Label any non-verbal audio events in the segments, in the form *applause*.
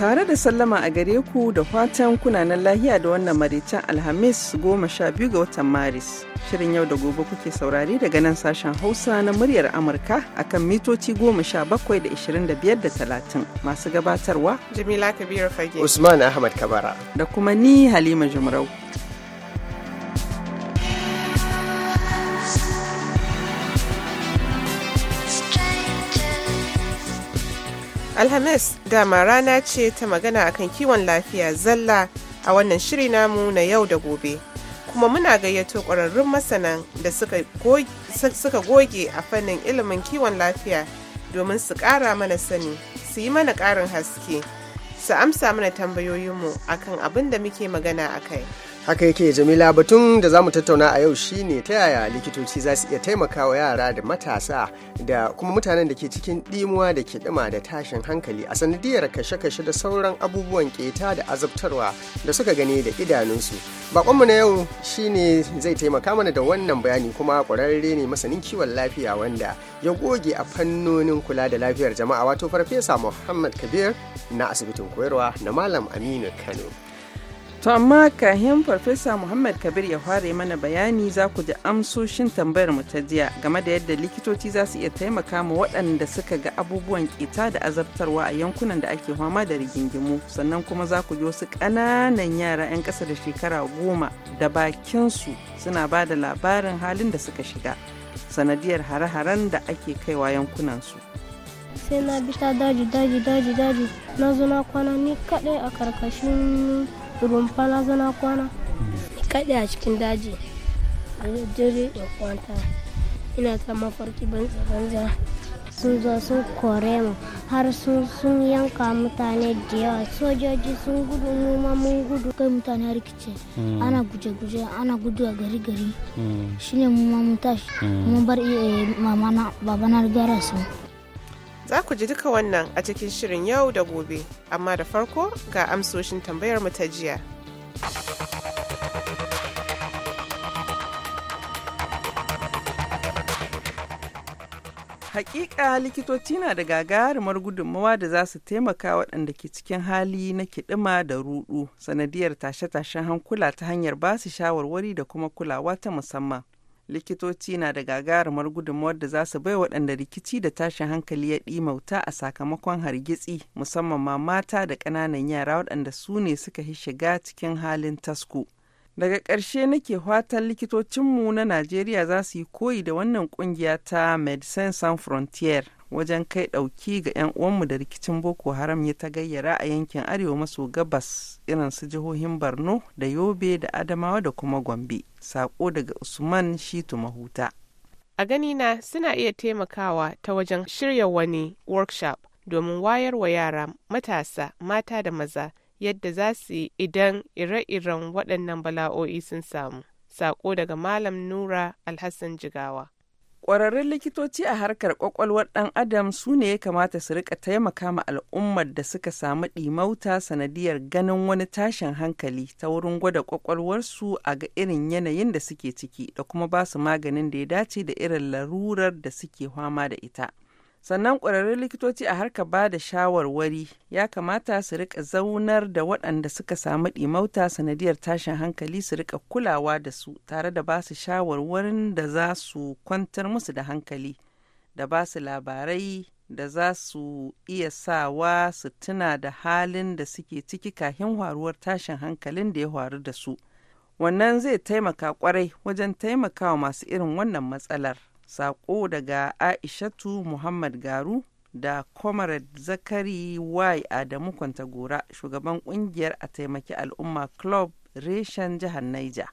tare da sallama a gare ku da fatan kunanan lahiya da wannan maritan alhamis goma sha biyu ga watan maris shirin yau da gobe kuke saurari daga nan sashen hausa na muryar amurka akan mitoci goma sha bakwai da ishirin da biyar da talatin masu gabatarwa jamila kabiru fage usman ahmad kabara da kuma ni halima jumrau Alhamis dama rana ce ta magana akan kiwon lafiya zalla a wannan shiri namu na yau da gobe. Kuma muna gayyato ƙwararrun masana da suka goge a fannin ilimin kiwon lafiya domin su ƙara mana sani, su yi mana ƙarin haske, su amsa mana tambayoyinmu akan abin da muke magana a kai. haka yake jamila batun da za mu tattauna a yau shine ta yaya likitoci za su iya taimakawa yara da matasa da kuma mutanen da ke cikin ɗimuwa da ke kiɗima da tashin hankali a sanadiyar kashe-kashe da sauran abubuwan keta da azabtarwa da suka gani da idanunsu bakonmu na yau shine zai taimaka mana da wannan bayani kuma kwararre ne masanin kiwon lafiya wanda ya goge a fannonin kula da lafiyar jama'a wato farfesa muhammad kabir na asibitin koyarwa na malam aminu kano To amma kahin Farfesa Muhammad Kabir ya fara mana bayani za ku ji amsoshin tambayar mu ta jiya game da yadda likitoci za su iya taimaka ma waɗanda suka ga abubuwan ƙeta da azabtarwa a yankunan da ake fama da rigingimu sannan kuma za ku ji wasu ƙananan yara 'yan ƙasa da shekara goma da bakinsu suna ba da labarin halin da suka shiga sanadiyar hare-haren da ake kaiwa yankunansu. sai na bi ta daji daji daji daji na zo na kwana ni kaɗai a karkashin ruwan na zana kwana kaɗe a cikin daji da dare da kwanta ina ta mafarki banza banza sun zo sun kore mu har sun yanka mutane da yawa sojoji sun gudu noma mun gudu kai mutane har kice mm. ana guje-guje ana gudu a gari-gari mm. shine mu ma mun tashi mm. mun bar babana gara su Za ku ji duka wannan a cikin shirin yau da gobe, amma da farko ga amsoshin tambayar mu ta jiya. hakika likitoci na da gagarumar gudunmawa da za su taimaka waɗanda ke cikin hali na kiɗima da ruɗu sanadiyar tashe-tashen hankula ta hanyar ba su shawarwari da kuma kulawa ta musamman likitoci na da gagarumar gudunmawar da za su bai waɗanda rikici da tashin hankali ya ɗimauta a sakamakon hargitsi musamman ma mata da ƙananan yara waɗanda su ne suka hi shiga cikin halin tasko. Daga ƙarshe nake fatan likitocinmu na Najeriya za su yi koyi da wannan ƙungiya ta Medecins Sans Frontier wajen kai ɗauki ga 'yan uwanmu da rikicin boko haram ya ta gayyara a yankin arewa maso gabas irin su jihohin borno da yobe da adamawa da kuma gombe sako daga usman shitu mahuta a ganina suna iya taimakawa ta wajen shirya wani workshop domin wayar wa yara matasa mata da maza yadda za su yi idan ire-iren waɗannan bala'o'i sun samu sako daga malam nura alhassan jigawa Kwararrun likitoci a harkar ƙwaƙwalwar ɗan adam su ne ya kamata su rika taimaka ma al'ummar da suka samu ɗimauta sanadiyar ganin wani tashin hankali ta wurin gwada ƙwaƙwalwarsu a ga irin yanayin da suke ciki da kuma ba su maganin da ya dace da irin larurar da suke fama da ita. sannan ƙwararrun likitoci a harka ba da shawarwari ya kamata su rika zaunar da waɗanda suka samu ɗimauta sanadiyar tashin hankali su rika kulawa da su tare da ba su shawarwarin da za su kwantar musu da hankali da ba su labarai da za su iya sawa su tuna da halin da suke ciki kahin faruwar tashin hankalin da ya waru da su wannan zai taimaka kwarai wajen taimakawa masu irin wannan matsalar Sako daga Aishatu Muhammad Garu da Comrade Zakari Y. Adamu Kwantagora, shugaban kungiyar a taimaki al'umma Club reshen jihar naija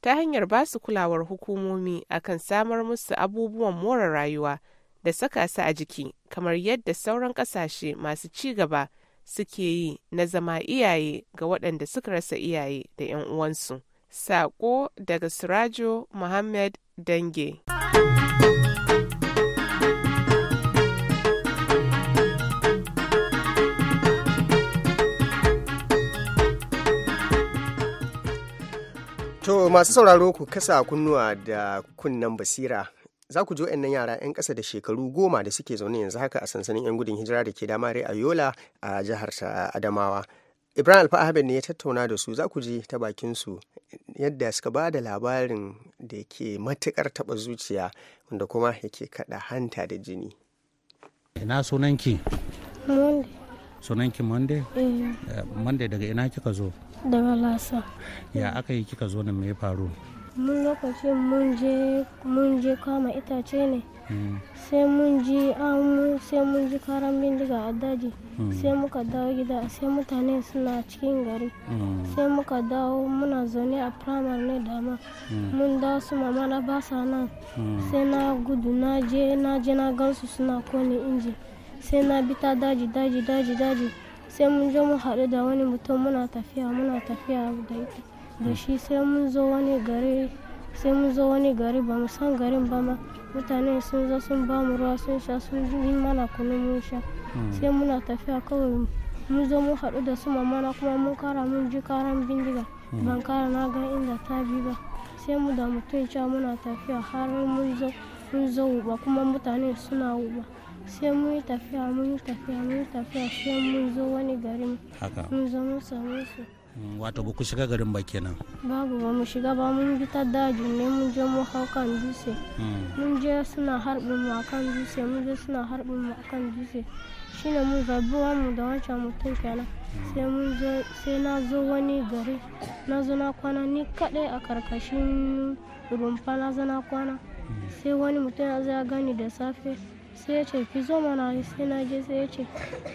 Ta hanyar ba su kulawar hukumomi akan samar musu abubuwan more rayuwa da saka su a jiki kamar yadda sauran kasashe masu ci gaba suke yi na zama iyaye ga waɗanda suka rasa iyaye da 'yan uwansu. Sako daga Sirajo Muhammad Dange. To masu sauraro ku kasa kunnuwa da kunnan basira za ku 'yan nan yara 'yan ƙasa da shekaru goma da suke zaune yanzu haka a sansanin 'yan gudun hijira da ke damare a yola a jihar adamawa ibrahim alfa ne ya tattauna da su za ku ji ta bakin su yadda suka ba da labarin da ke matukar taɓa zuciya wanda kuma yake kaɗa hanta da jini ina sunanki sunan ki monday eh. Eh, monday daga ina kika zo daga lasa ya aka yi kika zo nan me ya faru mun lokacin mun je kama itace ne hmm. sai mun ji um, sai mun ji karan bindiga a daji hmm. sai muka dawo gida sai mutane suna cikin gari hmm. sai muka dawo muna zaune a firamare ne dama mun dawo su mama na basa nan sai na gudu na je na gansu suna kone injin sai na bi ta daji daji daji daji sai mun je mun haɗu da wani mutum muna tafiya muna tafiya da shi sai mun zo wani gari sai mun zo wani gari ba mu san garin ba ma mutane sun zo sun ba mu ruwa sun sha sun yi mana kunu mun sha hmm. sai muna tafiya kawai mun zo mun haɗu da su mana kuma mun kara mun ji karan bindiga hmm. ban kara na ga inda ta bi ba sai mu da mutum cewa muna tafiya har mun zo mun zo uba kuma mutane suna uba sai mun yi tafiya mun yi tafiya mun yi tafiya sai mun zo wani garin mun zo mun same su wato ba ku shiga garin ba kenan babu ba mu shiga ba mun bi ta dajin ne mun je mu hau kan dutse hmm. mun je suna harbin mu akan dutse mun je suna harbin mu akan dutse shine mun zabuwa mu da wancan mutum kenan hmm. sai mun zo sai na zo wani gari na zo na kwana ni kadai a karkashin rumfa na zo na kwana hmm. sai wani mutum ya zo ya gani da safe sai ya ce ki zo mana sai na je sai ya ce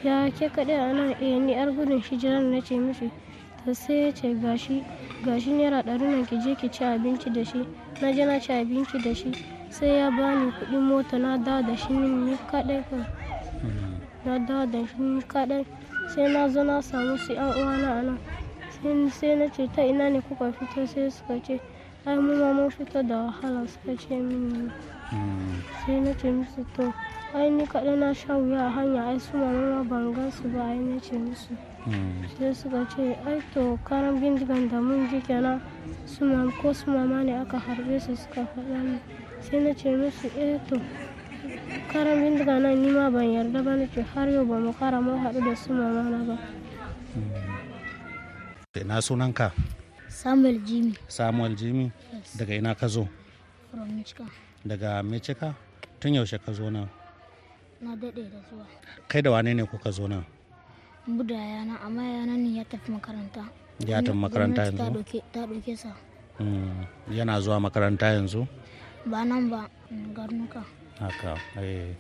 ya ke kaɗai a nan eh ni yar gudun hijira na ce mishi ta sai ya ce gashi gashi naira ɗari nan ki je ki ci abinci da shi na je na ci abinci da shi sai ya bani kuɗin mota na dawo da shi ni kaɗai hmm. na da da shi ni kaɗai sai na zo na samu su yan uwana a nan sai na ce ta ina ne kuka fito sai suka ce ai mu ma mun fito da wahala suka ce mini sai na ce musu to ai ni kaɗai na sha wuya a hanya ai su mama ban gan su ba ai na ce musu sai suka ce ai to karan bindigan da mun ji kenan su ma ko su ma ma ne aka harbe su suka faɗa ni sai na ce musu eh to karan bindigan nan ni ma ban yarda ba na ce har yau ba mu kara mu haɗu da su ma na ba. sunan ka Samuel Jimmy. Samuel Jimmy? Daga ina ka zo? From Michigan. daga cika, tun yaushe ka zo nan na daɗe da zuwa kai da wane ne kuka zo nan buda yana amma yana ne ya tafi makaranta ya tafi makaranta yanzu ta ɗauke sa mm, yana zuwa makaranta yanzu ba nan ba mm, garnuka haka eh.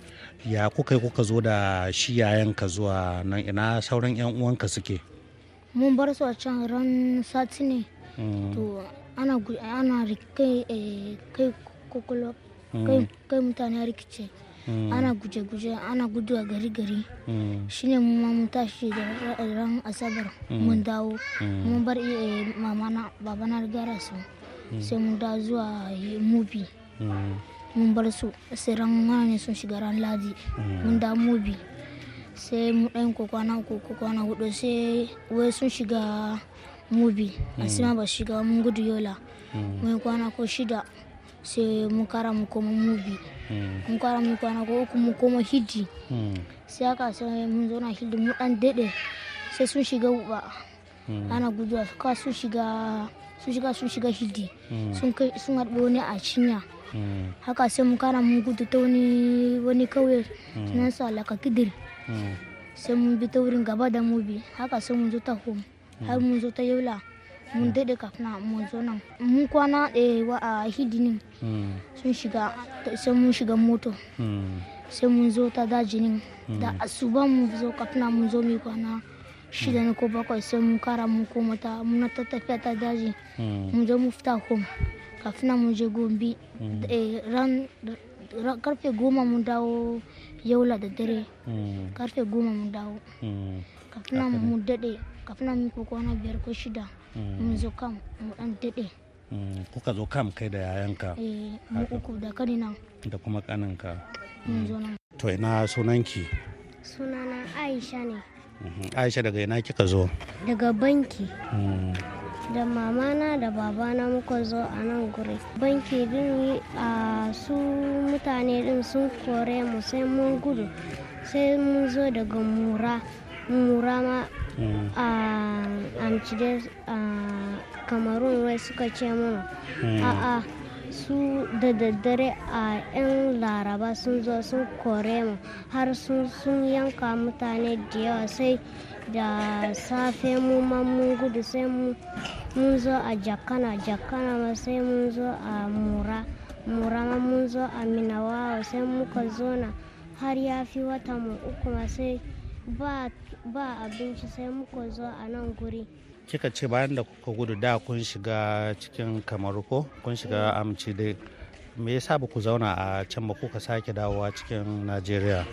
ya kuka kuka zo da shi ka zuwa nan ina sauran yan uwanka suke mun bar su a can ran sati ne mm. to ana kai eh, kai Mm. kai mutane rikice mm. ana guje-guje ana guduwa gari-gari mm. shine mu ma mun tashi da ran asabar mun dawo mun bar mama na baba na gara su sai mun da zuwa mubi mun bar su sai ran ne sun shiga ran ladi mun da mubi sai mu ɗan na uku na hudu sai wai sun shiga mubi sima ba shiga mun gudu yola mun kwana ko shida se mukara kara mubi hmm. mukara mukana mu ko uku mu hidi hmm. se aka haka mun zo na hidi mu dan dede se sun shiga uba hmm. ana guduwa ka sun shiga sun shiga sun shiga hidi sun kai harbe ne a cinya haka se mukara mun gudu ta wani wani kauye sunan sa alaka kidir se mun bi ta wurin gaba da mubi haka se mun zo ta home har mun zo ta yaula mun daɗe kafin mun zo nan mun kwana ɗaya eh, a hidinin hmm. sun shiga sai mun shiga moto hmm. sai mun zo ta dajinin hmm. da asuba mun zo kafin mun zo mai kwana shida ne ko bakwai sai mun kara mun koma ta muna ta tafiya ta daji mun zo mu fita home kafin mun je gombe eh, ran karfe goma mun dawo yaula da dare karfe goma mun dawo kafin mun daɗe kafin mun kwana biyar ko shida mun zo kam mu dan daɗe mm, kuka zo kam kai da yayanka eh, mu uku da kanina da kuma kaninka mun zo nan mm. to ina sunanki sunana aisha ne mm-hmm. aisha daga ina kika zo daga banki mm. da mamana da babana muka zo a nan guri banki din a ah, su mutane din sun kore mu sai mun gudu sai mun zo daga mura mura ma hmm. amcide kamarun wai suka ce mun hmm. a'a su da daddare a 'yan laraba sun zo sun kore mu har sun yanka mutane da yawa sai da safe mu ma mun gudu sai mun zo a jakana jakana ma sai mun zo a mura mura ma mun zo a minawa sai muka zo na har ya fi wata mu uku sai ba abinci sai muka zo a nan guri kika ce bayan da kuka gudu da kun shiga cikin kamar ko kun shiga eh. amci dai me yasa ba ku zauna a can ba kuka sake dawowa cikin najeriya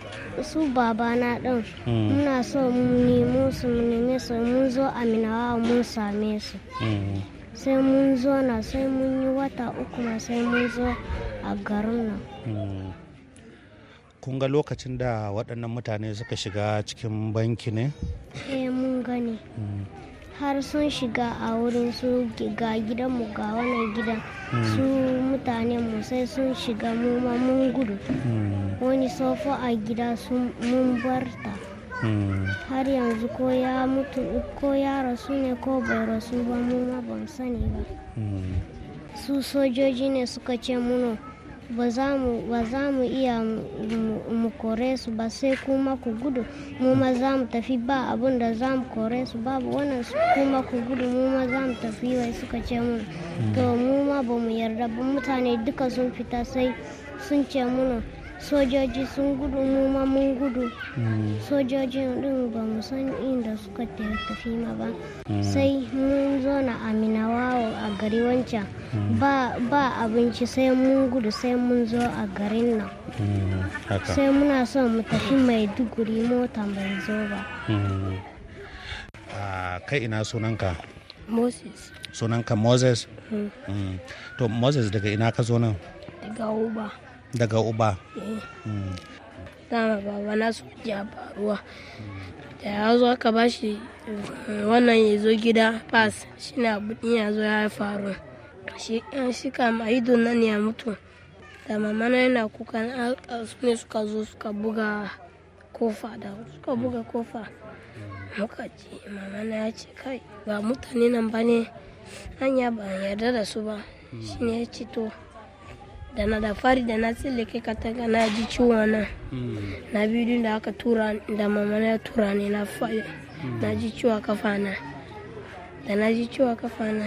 su babana ɗin hmm. muna so mu nemo su mu neme su mun zo aminawa mun same su hmm. sai mun zo na sai mun yi wata uku ma sai mun zo a garin nan hmm. kun ga lokacin da waɗannan mutane suka shiga cikin banki ne? eh mun gane mm. har sun shiga a wurin su ga gidanmu ga wannan gidan mm. su mutane mu sai sun shiga mu ma mun gudu mm. wani sofo a gida mun barta har yanzu ko ya mutu ko ya rasu ne ko bai rasu ba mu ma ban sani ba su sojoji ne suka ce muno. ba za mu iya mu kore su ba sai kuma ku gudu mu ma za mu tafi ba abin da za mu kore su babu wannan kuma ku gudu mu ma za mu tafi wai suka ce mun mm. to mu ma ba mu yarda ba mutane duka sun fita sai sun ce muna sojoji sun gudu ma mun gudu hmm. sojojin din ba mu san inda suka tafi ma ba hmm. sai mun zo na aminawawo a gari wancan hmm. ba abinci sai mun gudu sai mun zo a garin nan sai muna son mu tafi mai maiduguri mota bai zo ba ah, kai ina sunanka moses sunanka moses to moses daga ina ka zo nan daga uba daga uba eh. dama baba na su ya faruwa da ya zo aka ba shi eh, wannan ya zo gida pass shi na abin ya zo ya faru eh, shi kam a idon nan ya mutu da mamana yana kuka su ne suka zo suka buga kofa da suka buga kofa muka ce mamana ya ce kai ba mutane nan ba ne hanya ba yarda da su ba shi ne ya ce to da na da fari da na tsallake katanga na ji ciwo na hmm. na biyu da aka tura da mama na tura ne na fari na hmm. ji ciwo kafa na da na ji ciwo kafa na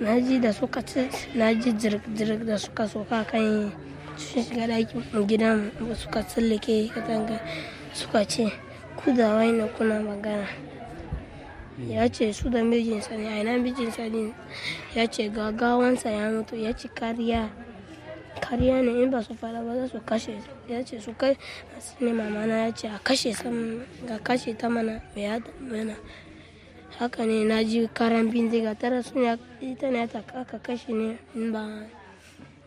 na ji da suka ci na ji jirg da suka soka kan sun shiga ɗakin gidan suka tsallake katanga suka ce ku da na kuna magana hmm. ya ce su da mijinsa ne a ina mijinsa ne ya ce gagawansa ya mutu ya ci kariya kariya ne in ba su fara ba za su kashe ya ce su kai ne mamana ya ce a kashe ga kashe ta mana mai yada mana haka ne na ji karan bindiga tara sun ya ita ne ta aka kashe ne in ba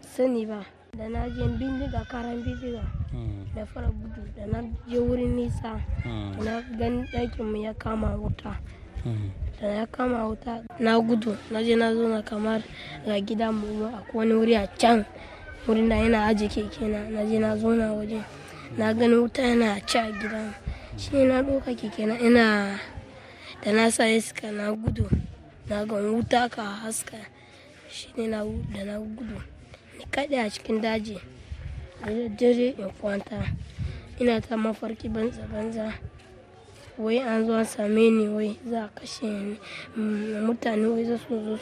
sani ba da na je bindiga karan bindiga hmm. da fara gudu da na je wurin nisa hmm. na gan ɗakin mu ya kama wuta hmm. da na kama wuta na gudu na je na zo na kamar ga gidan mu a wani wuri a can wurin da yana aje keke na na je na zo na waje na gani wuta yana ci a gida shi na ɗauka keke na ina da na sa iska na gudu na ga wuta ka haska shi ne na da na gudu ni kaɗe a cikin daji da dare in kwanta ina ta mafarki banza banza wai an zo an same ni wai za a kashe ni mutane wai za su zo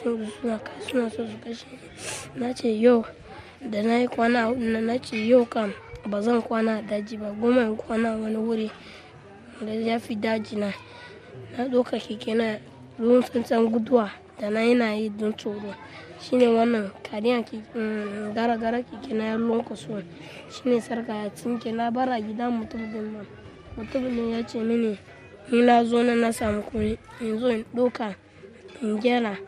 suna so su kashe ni na ce yau da na yi kwana hudu na na ce yau kam ba zan kwana daji ba goma in kwana wani wuri da ya fi daji na na doka keke na ruwan tsantsan guduwa da na yi na yi don tsoro shi ne wannan kariya mm, gara-gara keke na kaso shi ne sarka ya cinke na bara gida mutum din nan mutum din ya ce mini ni na zo na na samu kuri in zo in doka in gyara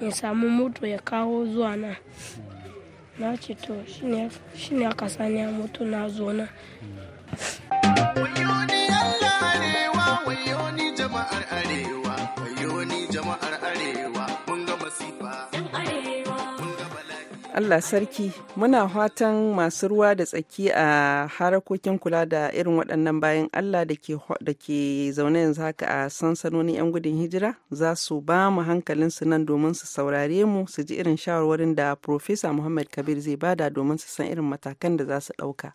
in samu moto ya kawo zuwa na na ce to shine aka sani ya mutu na zo ni jama'ar arewa jama'ar arewa Allah sarki muna fatan masu ruwa da tsaki a harakokin kula da irin waɗannan bayan Allah da ke zaune yanzu haka a sansanonin 'yan gudun hijira za su ba mu hankalinsu nan domin su saurare mu su ji irin shawarwarin da Profesa Muhammad Kabir zai bada domin su san irin matakan da za su ɗauka.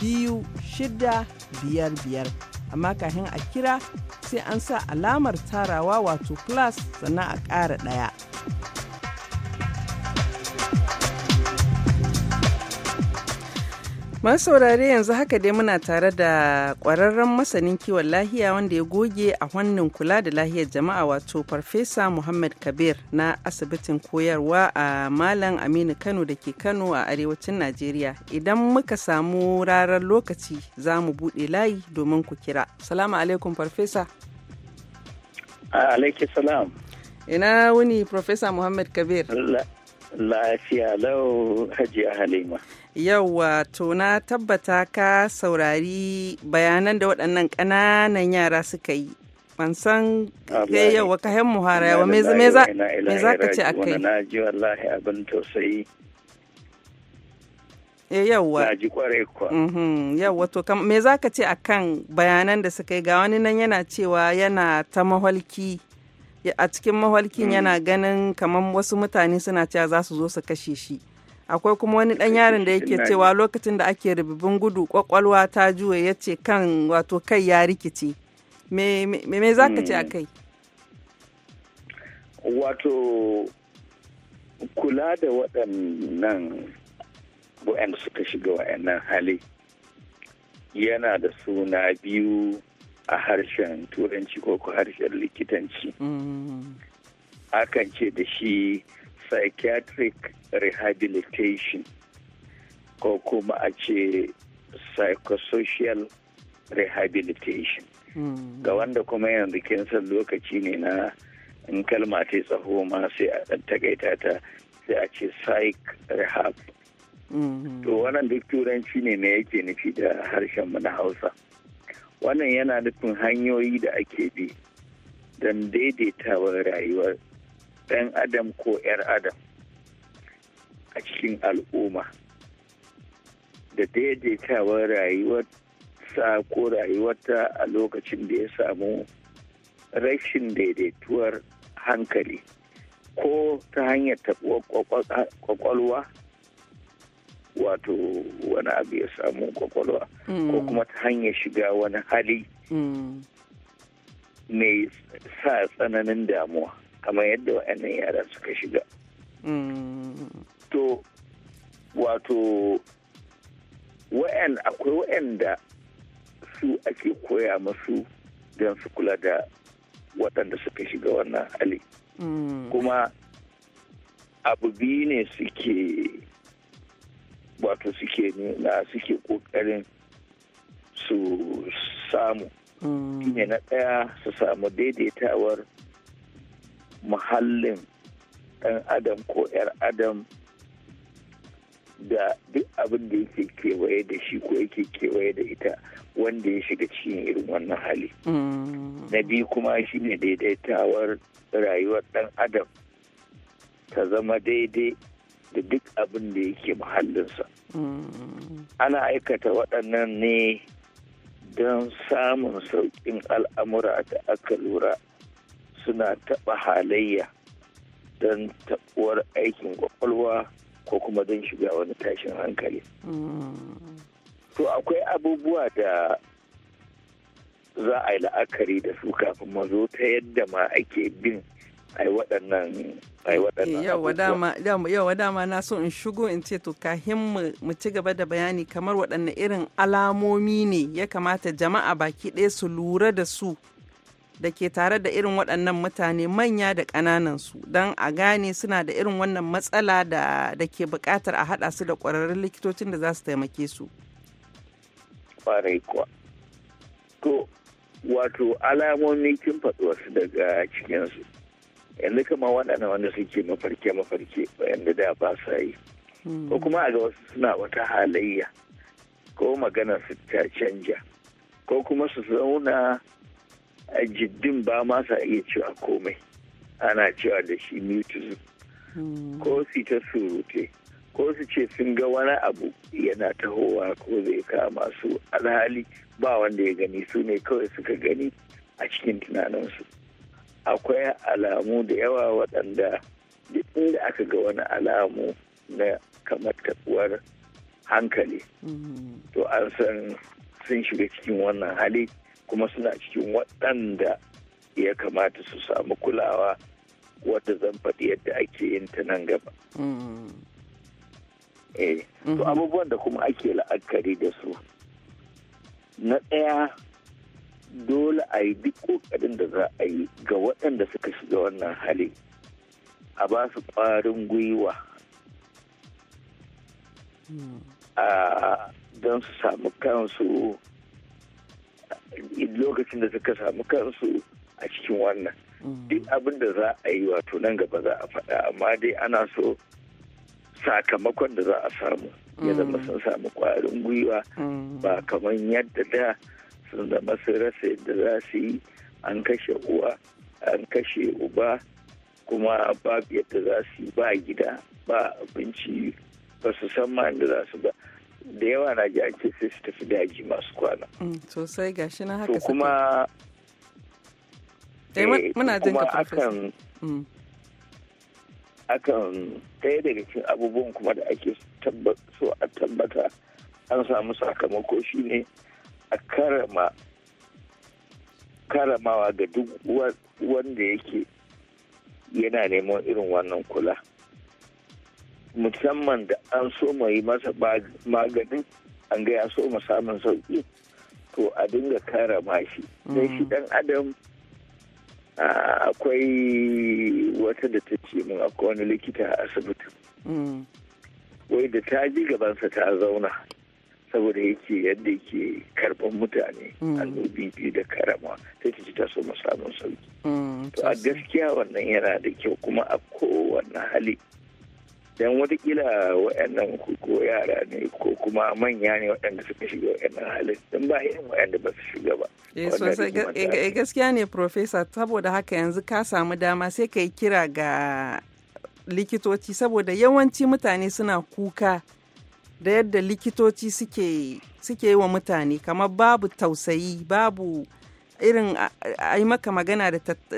biyu shida biyar biyar amma kafin a kira sai an sa alamar tarawa wato plus sannan a ƙara ɗaya. Masu saurare yanzu haka dai muna tare da kwararren masanin kiwon lahiya wanda ya goge a wannan kula da lahiyar jama'a wato Farfesa Muhammad Kabir na asibitin koyarwa a Malam Aminu Kano da ke Kano a arewacin Najeriya. Idan muka samu rarar lokaci za mu buɗe layi domin ku kira. Salamu alaikum Farfesa. salam. Ina wuni Farfesa Muhammad Kabir. Lafiya lau Hajiya Halima. Yauwa to na tabbata ka saurari bayanan da waɗannan ƙananan yara suka yi. Ban san kai yauwa ka yan muharawa me za ka ce a kai? Na ji wallahi abin tausayi. Eh, yawwa na ji kuwa mhm, yawwa to me za ka ce akan bayanan da suka yi ga wani nan yana cewa yana ta maholki a cikin mahwalkin hmm. yana ganin kamar wasu mutane suna cewa za su zo su kashe shi akwai kuma wani dan yarin da yake cewa lokacin da ake rububin gudu kwakwalwa ta juye ya ce kan wato kai ya rikice me me za ka ce a hmm. kai wato kula da waɗannan waɗanda suka shiga wa'annan hali yana da suna biyu a harshen turanci ko harshen likitanci hmm. akan ce da shi psychiatric rehabilitation ko kuma a ce psychosocial rehabilitation hmm. ga wanda kuma yanzu kin san lokaci ne na in kalma ta tsaho ma sai a ɗan takaita ta sai a ce psych rehab hmm. to wannan duk turanci ne na yake nufi da harshen mu na hausa wannan yana nufin hanyoyi da ake bi don daidaitawar rayuwar ɗan adam ko 'yar adam a cikin al'umma da daidaitawar rayuwarsa ko rayuwarta a lokacin da ya samu rashin daidaituwar hankali ko ta hanyar taɓuwar kwakwalwa wato wani abu ya samu kwakwalwa ko mm. kuma ta hanyar shiga wani hali mm. mai sa tsananin damuwa. kamar yadda waɗannan yara suka shiga to wato akwai waɗanda su ake koya masu don su kula da waɗanda suka shiga wannan hali kuma abu biyu ne suke wato suke nuna suke ƙoƙarin su samu ine na ɗaya su samu daidaitawar muhallin ɗan adam ko 'yar adam da duk abin da yake kewaye da shi ko yake kewaye da ita wanda ya shiga cikin irin wannan hali. Mm. Na biyu kuma shi ne daidaitawar rayuwar ɗan adam ta zama daidai da duk abin da yake muhallinsa. Mm. Ana aikata waɗannan ne don samun sauƙin al'amura da aka lura suna taɓa halayya don taɓuwar aikin kwakwalwa ko kuma don shiga wani tashin hankali. To akwai abubuwa da za a yi la'akari da su kafin mazo ta yadda ma ake bin ai waɗannan yawa dama na so in shigo in ce to kahin mu ci gaba da bayani kamar waɗanne irin alamomi ne ya kamata jama'a baki ɗaya su lura da su da ke tare da irin waɗannan mutane manya da ƙananansu don a gane suna da irin wannan matsala da ke buƙatar a haɗa su da ƙwararrun likitocin da za su taimake su. Ƙwarai kuwa. To, wato alamomin kin faɗi wasu daga cikinsu. Yanzu kama waɗanda wanda suke mafarke-mafarke yadda da ba sa yi. Hmm. Ko kuma a ga wasu suna wata halayya ko magana su ta canja ko kuma su zauna a jiddin ba ma sa iya cewa komai ana cewa da shi mutism hmm. ko su ta surute ko su ce sun ga wani abu yana tahowa ko zai kama su alhali ba wanda ya gani su ne kawai suka gani a cikin tunaninsu akwai alamu da yawa waɗanda duk da aka ga wani alamu na kamar katsuwar hankali hmm. to an san sun shiga cikin wannan hali kuma suna cikin waɗanda ya kamata su samu kulawa wata zan faɗi yadda ake yin ta nan gaba. Mm-hmm. Eh, to mm-hmm. abubuwan da kuma ake la'akari da su. Na ɗaya dole a yi duk ƙoƙarin da za a yi ga waɗanda suka shiga wannan hali a ba su ƙwarin gwiwa mm. ah, don su samu kansu lokacin da suka samu kansu a cikin wannan duk abin da za a yi wato nan gaba za a faɗa amma dai ana so sakamakon da za a samu ya zama sun samu ƙwarin gwiwa ba kamar yadda da sun zama sun rasa yadda za su yi an kashe uwa an kashe uba kuma babu yadda za su yi ba gida ba abinci ba su san ma inda za su ba da yawa na ji an sai su tafi daji masu kwana. Mm, sosai ga na haka kuma eh, eh, muna jin ka akan mm. akan ɗaya daga cikin abubuwan kuma da ake so a tabbata an samu sakamako shine a karama karamawa ga duk wanda yake yana neman irin wannan kula. musamman da an so yi masa maganin an ga ya so samun sauki to a dinga kara mashi don shi dan mm. adam akwai wata da ta ce min akwai wani likita a asibiti mm. wai da ta ji gabansa ta zauna saboda yake yadda yake karban mutane mm. annobi biyu da karama ta ce ta so samun sauki to a gaskiya wannan yana da kyau kuma a kowane hali yan watakila waɗannan ko yara ne ko kuma manya ne waɗanda suka shiga waɗannan halin don ba irin waɗanda ba su shiga ba. Eh, sosai eh, gaskiya ne profesa saboda haka yanzu ka samu dama sai ka yi kira ga likitoci saboda yawanci mutane suna kuka da yadda likitoci suke suke yi wa mutane kamar babu tausayi babu irin a yi maka magana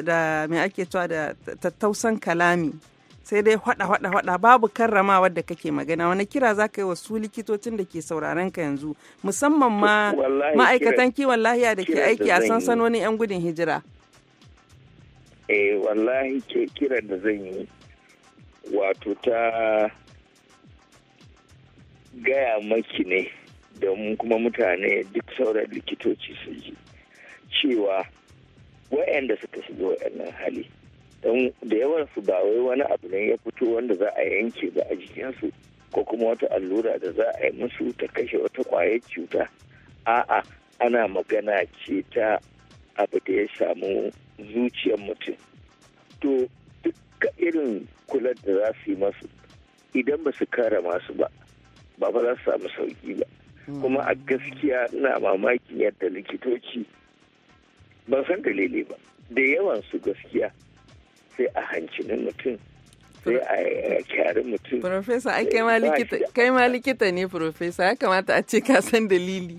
da mai ake cewa da tattausan kalami sai dai hwada hwada hwada babu karrama da kake magana wani kira za ka yi wa su likitocin da ke sauraron ka yanzu musamman ma *laughs* ma'aikatan kiwon lahiya da ke aiki a sansanonin 'yan gudun hijira eh wallahi ke kira da zan yi wato ta gaya maki ne don kuma mutane duk sauran likitoci su yi cewa wa'anda suka shiga wa'annan hali don da yawansu ba wai wani abu ne ya fito wanda za a yanke ba a jikinsu ko kuma wata allura da za a yi musu ta kashe wata kwayar cuta a'a ana magana ce ta abu da ya samu zuciyar mutum to duka irin kular da za su yi masu idan ba su kare masu ba ba ba za su samu sauki ba kuma a gaskiya na mamakin yadda likitoci ban san dalili ba da yawan su gaskiya sai a hancinin mutum sai a kyari mutum profesa eh, kai ma likita ne profesa ya kamata a ce ka san dalili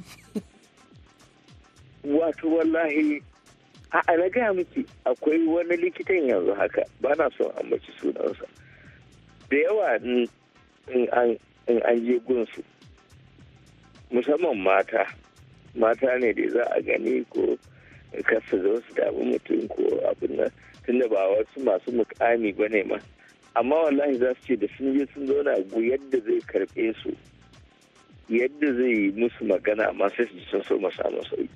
*laughs* wato wallahi a na miki akwai wani likitan yanzu haka ba na son ambaci sunansa da yawa in an je gunsu musamman mata mata ne da za a gani ko kasa zo su damu mutum ko abin nan tunda ba wasu masu mukami ba ne ma amma wallahi za su ce da sun je sun zauna gu yadda zai karɓe su yadda zai yi musu magana amma sai su ji sun so masu samu sauki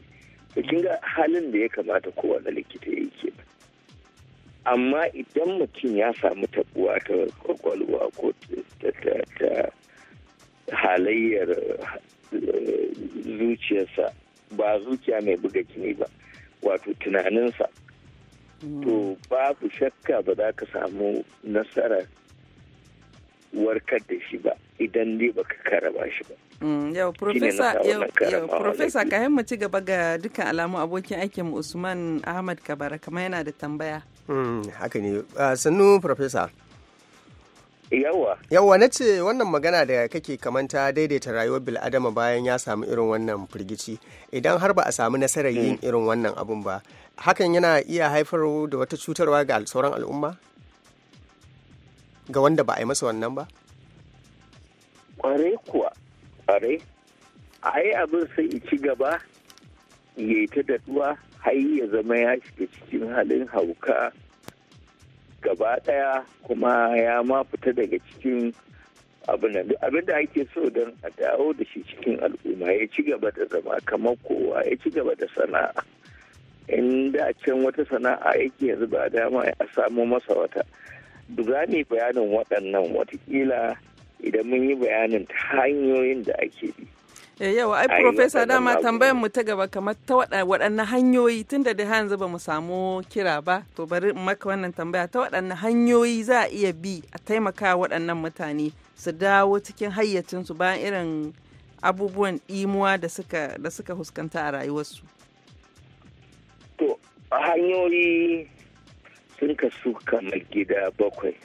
to kin ga halin da ya kamata kowane likita ya yi ke amma idan mutum ya samu tabuwa ta kwakwalwa ko ta halayyar eh, zuciyarsa ba zuciya mai buga jini ba wato tunaninsa to babu shakka ba za ka samu nasara warkar da shi ba idan ne ba ka karaba shi ba. Mm, yau profesa ka mu ci gaba ga dukkan alamu abokin aikin usman ahmad kabara kama yana da tambaya mm, haka ne ah, sannu profesa yawa yawa na ce wannan magana da kake kamanta daidaita rayuwar bil'adama bayan ya samu irin wannan firgici idan har ba a samu nasarar yin mm. irin wannan abun ba hakan yana iya haifar da wata cutarwa ga sauran al'umma ga wanda ba a yi masa wannan ba kware kuwa kware a yi abin sai ci gaba ya yi ta daɗuwa har ya zama ya shiga cikin halin hauka gaba daya kuma ya ma fita daga cikin abin da ake so don a dawo da shi cikin al'umma ya ci gaba da zama kamar kowa ya ci gaba da sana'a inda da can wata sana'a yake yanzu ba dama a samu masa wata za ne bayanin waɗannan watakila idan mun yi bayanin ta hanyoyin da ake bi Eh, yau ai profesa dama tambayar mu ta gaba kamar ta waɗanne hanyoyi tunda da yanzu ba mu samu kira ba to bari in maka wannan tambaya ta waɗanne hanyoyi za a iya bi a taimaka waɗannan mutane su dawo cikin hayyacinsu bayan irin abubuwan ɗimuwa da suka da suka huskanta a rayuwarsu to hanyoyi sun kasu kamar gida bakwai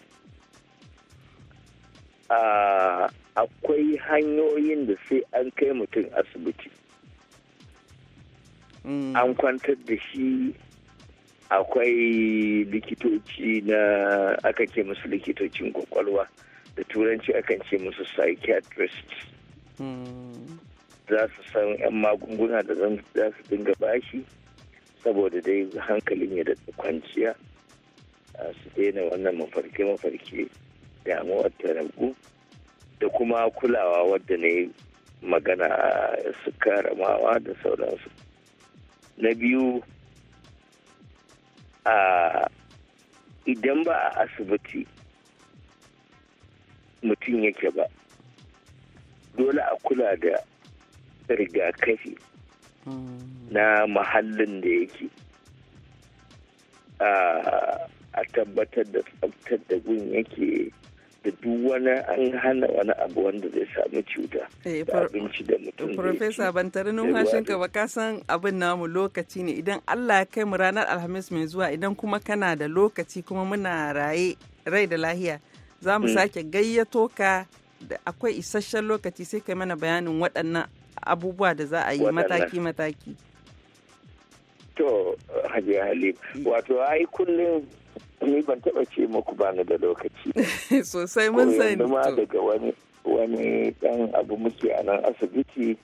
ah, akwai hanyoyin da sai an kai mutum asibiti mm. an kwantar da shi akwai likitoci na aka ce musu likitocin kwakwalwa da turanci akan ce musu psychiatrist mm. za su san 'yan magunguna da za su dinga bashi saboda dai hankalin ya da kwanciya su daina wannan mafarke-mafarke damuwar ta ragu da kuma kulawa wadda ne magana su karamawa da sauransu na biyu a idan ba a asibiti mutum yake ba dole a kula da rigakafi na mahallin da yake a tabbatar da tsabtar da gun yake da duk wani an hana wani abu wanda zai sami cuta eh, da abinci da mutum zai Profesa ban tare ka ba ka san abin namu lokaci ne idan Allah ya kai mu ranar Alhamis mai zuwa idan kuma kana da lokaci kuma muna raye rai da lahiya za mu hmm. sake gayyato ka da akwai isasshen lokaci sai kai mana bayanin waɗannan abubuwa da za a yi mataki-mataki. To, Hajiya Halim, hmm. wato ai kullum ni ban taɓa ce muku bani da lokaci *laughs* sosai mun sani ma daga wani wani dan abu muke a nan asibiti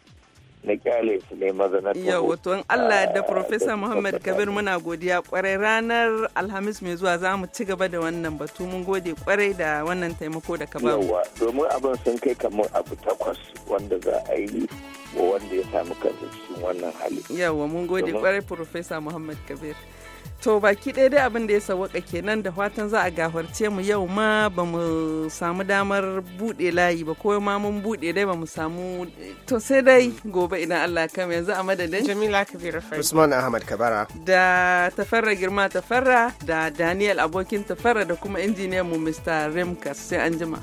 na kyale su ne maza na yau wato in Allah ah, da professor Muhammad Kabir muna godiya kwarai ranar Alhamis mai zuwa za mu ci gaba da wannan batu mun gode kwarai da wannan taimako da ka bamu yawa domin abin sun kai kamar abu takwas wanda za a yi wanda ya samu kansa cikin wannan hali yawa mun gode kwarai Profesa Muhammad Kabir To baki ɗaya dai abin da ya sawaka kenan da fatan za a gafarce mu yau ma ba mu samu damar buɗe layi ba ko ma mun buɗe dai ba mu samu to sai dai gobe idan Allah kam yanzu a madadin. Jamila Kabiru Fari. Usman Ahmad Kabara. Da tafarra girma tafarra da Daniel abokin tafarra da kuma injiniyan mu Mr. Remkas sai an jima.